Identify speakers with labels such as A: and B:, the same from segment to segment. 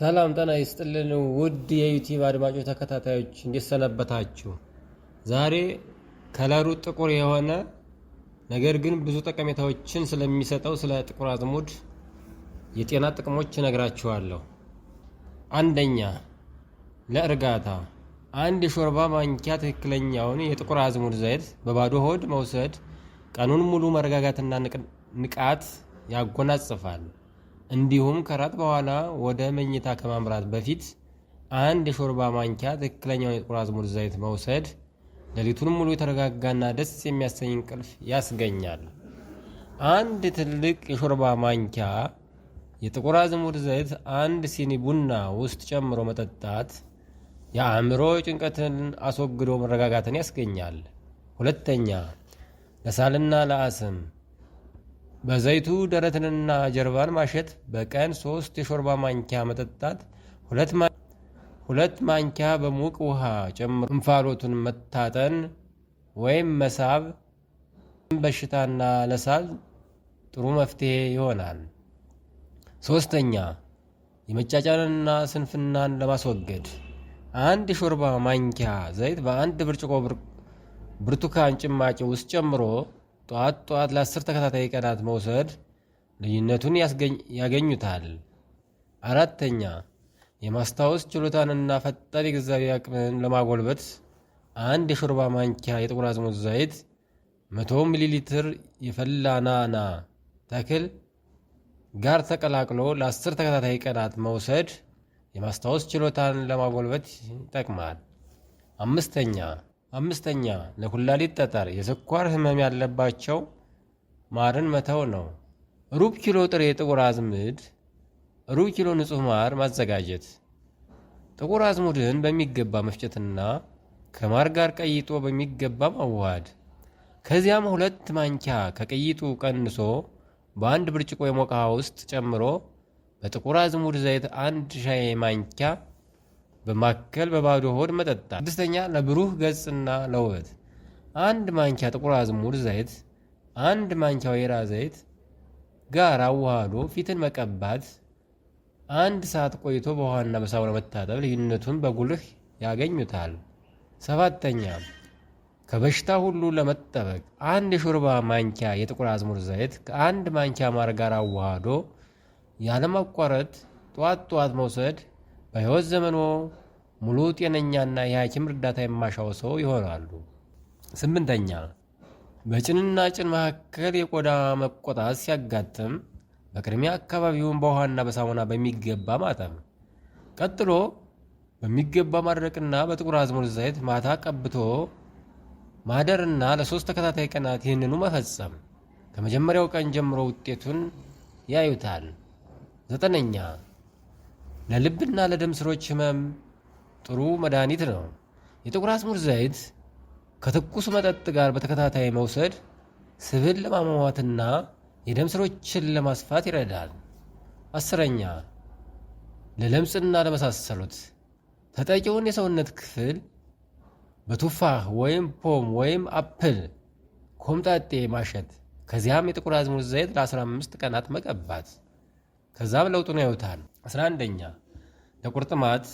A: ሰላም ጠና ይስጥልን ውድ የዩቲዩብ አድማጮች ተከታታዮች እንዴት ሰነበታችሁ? ዛሬ ከለሩ ጥቁር የሆነ ነገር ግን ብዙ ጠቀሜታዎችን ስለሚሰጠው ስለ ጥቁር አዝሙድ የጤና ጥቅሞች እነግራችኋለሁ። አንደኛ ለእርጋታ፣ አንድ የሾርባ ማንኪያ ትክክለኛውን የጥቁር አዝሙድ ዘይት በባዶ ሆድ መውሰድ ቀኑን ሙሉ መረጋጋትና ንቃት ያጎናጽፋል። እንዲሁም ከራት በኋላ ወደ መኝታ ከማምራት በፊት አንድ የሾርባ ማንኪያ ትክክለኛውን የጥቁር አዝሙድ ዘይት መውሰድ ሌሊቱን ሙሉ የተረጋጋና ደስ የሚያሰኝ እንቅልፍ ያስገኛል። አንድ ትልቅ የሾርባ ማንኪያ የጥቁር አዝሙድ ዘይት አንድ ሲኒ ቡና ውስጥ ጨምሮ መጠጣት የአእምሮ ጭንቀትን አስወግዶ መረጋጋትን ያስገኛል። ሁለተኛ ለሳልና ለአስም በዘይቱ ደረትንና ጀርባን ማሸት፣ በቀን ሶስት የሾርባ ማንኪያ መጠጣት፣ ሁለት ማንኪያ በሙቅ ውሃ ጨምሮ እንፋሎቱን መታጠን ወይም መሳብ በሽታና ለሳል ጥሩ መፍትሄ ይሆናል። ሶስተኛ የመጫጫንና ስንፍናን ለማስወገድ አንድ የሾርባ ማንኪያ ዘይት በአንድ ብርጭቆ ብርቱካን ጭማቂ ውስጥ ጨምሮ ጠዋት ጠዋት ለአስር ተከታታይ ቀናት መውሰድ ልዩነቱን ያገኙታል። አራተኛ የማስታወስ ችሎታንና ፈጣን የግንዛቤ አቅምን ለማጎልበት አንድ የሾርባ ማንኪያ የጥቁር አዝሙድ ዘይት፣ 100 ሚሊ ሊትር የፈላ ናና ተክል ጋር ተቀላቅሎ ለአስር ተከታታይ ቀናት መውሰድ የማስታወስ ችሎታን ለማጎልበት ይጠቅማል። አምስተኛ አምስተኛ ለኩላሊት ጠጠር የስኳር ህመም ያለባቸው ማርን መተው ነው። ሩብ ኪሎ ጥሬ ጥቁር አዝሙድ፣ ሩብ ኪሎ ንጹህ ማር ማዘጋጀት። ጥቁር አዝሙድን በሚገባ መፍጨትና ከማር ጋር ቀይጦ በሚገባ ማዋሃድ። ከዚያም ሁለት ማንኪያ ከቀይጡ ቀንሶ በአንድ ብርጭቆ የሞቀ ውሃ ውስጥ ጨምሮ በጥቁር አዝሙድ ዘይት አንድ ሻይ ማንኪያ በማከል በባዶ ሆድ መጠጣት። ስድስተኛ ለብሩህ ገጽና ለውበት አንድ ማንኪያ ጥቁር አዝሙድ ዘይት አንድ ማንኪያ ወይራ ዘይት ጋር አዋህዶ ፊትን መቀባት። አንድ ሰዓት ቆይቶ በውሃና በሳሙና መታጠብ ልዩነቱን በጉልህ ያገኙታል። ሰባተኛ ከበሽታ ሁሉ ለመጠበቅ አንድ የሾርባ ማንኪያ የጥቁር አዝሙድ ዘይት ከአንድ ማንኪያ ማር ጋር አዋህዶ ያለማቋረጥ ጧት ጧት መውሰድ በሕይወት ዘመኖ ሙሉ ጤነኛና የሐኪም እርዳታ የማሻው ሰው ይሆናሉ። ስምንተኛ በጭንና ጭን መካከል የቆዳ መቆጣት ሲያጋጥም በቅድሚያ አካባቢውን በውሃና በሳሙና በሚገባ ማጠብ፣ ቀጥሎ በሚገባ ማድረቅና በጥቁር አዝሙድ ዘይት ማታ ቀብቶ ማደርና ለሶስት ተከታታይ ቀናት ይህንኑ መፈጸም ከመጀመሪያው ቀን ጀምሮ ውጤቱን ያዩታል። ዘጠነኛ ለልብና ለደም ስሮች ህመም ጥሩ መድኃኒት ነው። የጥቁር አዝሙድ ዘይት ከትኩስ መጠጥ ጋር በተከታታይ መውሰድ ስብን ለማሟሟትና የደም ስሮችን ለማስፋት ይረዳል። አስረኛ ለለምጽና ለመሳሰሉት ተጠቂውን የሰውነት ክፍል በቱፋህ ወይም ፖም ወይም አፕል ኮምጣጤ ማሸት፣ ከዚያም የጥቁር አዝሙድ ዘይት ለ15 ቀናት መቀባት። ከዛም ለውጡን ያዩታል። 11ኛ ለቁርጥማት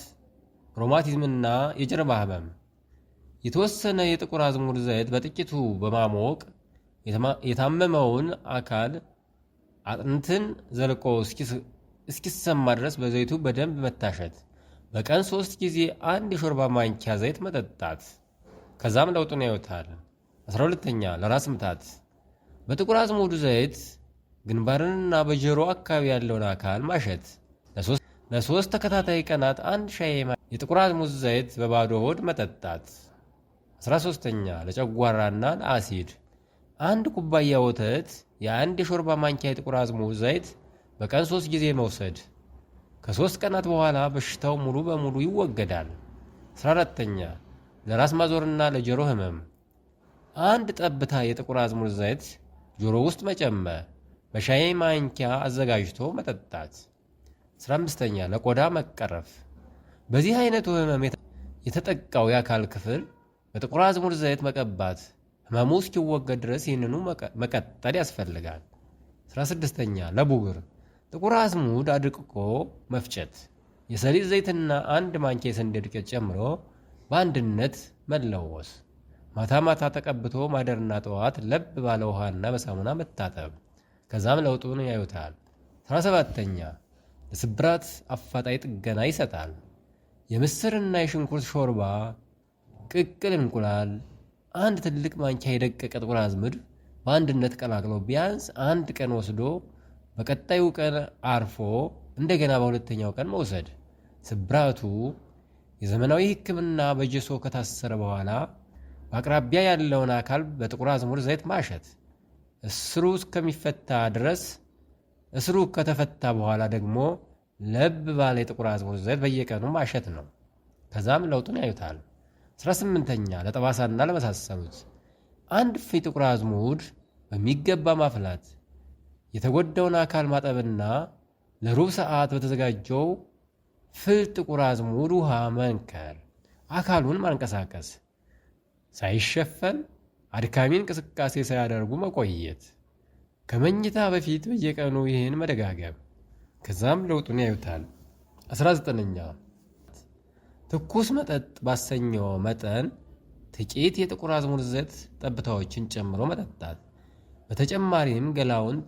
A: ሮማቲዝምና የጀርባ ህመም የተወሰነ የጥቁር አዝሙድ ዘይት በጥቂቱ በማሞቅ የታመመውን አካል አጥንትን ዘልቆ እስኪሰማ ድረስ በዘይቱ በደንብ መታሸት። በቀን ሶስት ጊዜ አንድ የሾርባ ማንኪያ ዘይት መጠጣት። ከዛም ለውጡን ያዩታል። ሁለተኛ ለራስ ምታት በጥቁር አዝሙዱ ዘይት ግንባርንና በጆሮ አካባቢ ያለውን አካል ማሸት። ለሶስት ተከታታይ ቀናት አንድ ሻይ የጥቁር አዝሙድ ዘይት በባዶ ሆድ መጠጣት። 13ኛ ለጨጓራና ለአሲድ አንድ ኩባያ ወተት የአንድ የሾርባ ማንኪያ የጥቁር አዝሙድ ዘይት በቀን ሶስት ጊዜ መውሰድ። ከሶስት ቀናት በኋላ በሽታው ሙሉ በሙሉ ይወገዳል። 14ኛ ለራስ ማዞርና ለጆሮ ህመም አንድ ጠብታ የጥቁር አዝሙድ ዘይት ጆሮ ውስጥ መጨመር፣ በሻይ ማንኪያ አዘጋጅቶ መጠጣት። አስራ አምስተኛ ለቆዳ መቀረፍ በዚህ አይነቱ ህመም የተጠቃው የአካል ክፍል በጥቁር አዝሙድ ዘይት መቀባት ህመሙ እስኪወገድ ድረስ ይህንኑ መቀጠል ያስፈልጋል። አስራ ስድስተኛ ለቡግር ጥቁር አዝሙድ አድቅቆ መፍጨት፣ የሰሊጥ ዘይትና አንድ ማንኪያ የስንዴ ዱቄት ጨምሮ በአንድነት መለወስ። ማታ ማታ ተቀብቶ ማደርና ጠዋት ለብ ባለ ውሃና በሳሙና መታጠብ። ከዛም ለውጡን ያዩታል። አስራ ለስብራት አፋጣኝ ጥገና ይሰጣል። የምስርና የሽንኩርት ሾርባ፣ ቅቅል እንቁላል፣ አንድ ትልቅ ማንኪያ የደቀቀ ጥቁር አዝሙድ በአንድነት ቀላቅሎ ቢያንስ አንድ ቀን ወስዶ በቀጣዩ ቀን አርፎ እንደገና በሁለተኛው ቀን መውሰድ። ስብራቱ የዘመናዊ ሕክምና በጀሶ ከታሰረ በኋላ በአቅራቢያ ያለውን አካል በጥቁር አዝሙድ ዘይት ማሸት፣ እስሩ እስከሚፈታ ድረስ እስሩ ከተፈታ በኋላ ደግሞ ለብ ባለ የጥቁር አዝሙድ ዘይት በየቀኑ ማሸት ነው። ከዛም ለውጡን ያዩታል። አስራ ስምንተኛ ለጠባሳና ለመሳሰሉት አንድ እፍኝ ጥቁር አዝሙድ በሚገባ ማፍላት፣ የተጎዳውን አካል ማጠብና ለሩብ ሰዓት በተዘጋጀው ፍል ጥቁር አዝሙድ ውሃ መንከር፣ አካሉን ማንቀሳቀስ፣ ሳይሸፈን አድካሚ እንቅስቃሴ ሳያደርጉ መቆየት ከመኝታ በፊት በየቀኑ ይህን መደጋገም፣ ከዛም ለውጡን ያዩታል። 19ኛ ትኩስ መጠጥ ባሰኘው መጠን ጥቂት የጥቁር አዝሙድ ዘይት ጠብታዎችን ጨምሮ መጠጣት። በተጨማሪም ገላውን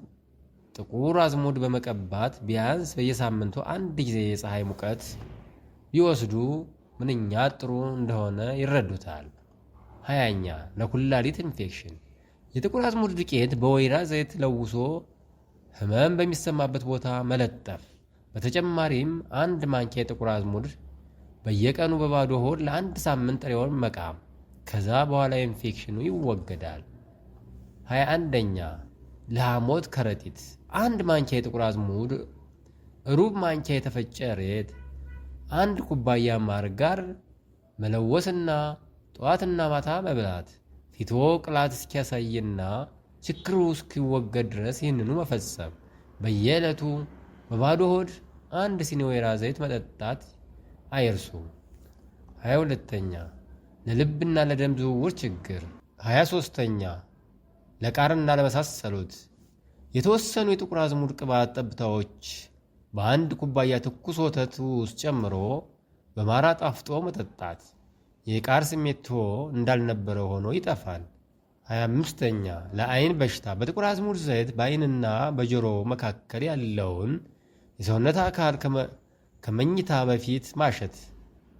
A: ጥቁር አዝሙድ በመቀባት ቢያንስ በየሳምንቱ አንድ ጊዜ የፀሐይ ሙቀት ቢወስዱ ምንኛ ጥሩ እንደሆነ ይረዱታል። ሀያኛ ለኩላሊት ኢንፌክሽን የጥቁር አዝሙድ ዱቄት በወይራ ዘይት ለውሶ ህመም በሚሰማበት ቦታ መለጠፍ። በተጨማሪም አንድ ማንኪያ የጥቁር አዝሙድ በየቀኑ በባዶ ሆድ ለአንድ ሳምንት ጥሬውን መቃም። ከዛ በኋላ ኢንፌክሽኑ ይወገዳል። ሀያ አንደኛ ለሐሞት ከረጢት አንድ ማንኪያ የጥቁር አዝሙድ፣ ሩብ ማንኪያ የተፈጨ ሬት፣ አንድ ኩባያ ማር ጋር መለወስና ጠዋትና ማታ መብላት ቲቶ ቅላት እስኪያሳይና ችግሩ እስኪወገድ ድረስ ይህንኑ መፈጸም፣ በየዕለቱ በባዶ ሆድ አንድ ሲኒ ወይራ ዘይት መጠጣት አይርሱ። 22ኛ ለልብና ለደም ዝውውር ችግር። 23ኛ ለቃርና ለመሳሰሉት የተወሰኑ የጥቁር አዝሙድ ቅባት ጠብታዎች በአንድ ኩባያ ትኩስ ወተት ውስጥ ጨምሮ በማር አጣፍጦ መጠጣት። የቃር ስሜት ስሜቶ እንዳልነበረ ሆኖ ይጠፋል። ሀያ አምስተኛ ለአይን በሽታ በጥቁር አዝሙድ ዘይት በአይንና በጆሮ መካከል ያለውን የሰውነት አካል ከመኝታ በፊት ማሸት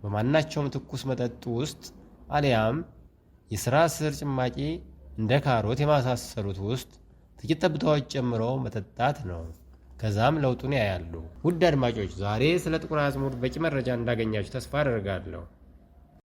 A: በማናቸውም ትኩስ መጠጥ ውስጥ አሊያም የሥራ ስር ጭማቂ እንደ ካሮት የማሳሰሉት ውስጥ ጥቂት ጠብታዎች ጨምሮ መጠጣት ነው። ከዛም ለውጡን ያያሉ። ውድ አድማጮች ዛሬ ስለ ጥቁር አዝሙድ በቂ መረጃ እንዳገኛችሁ ተስፋ አደርጋለሁ።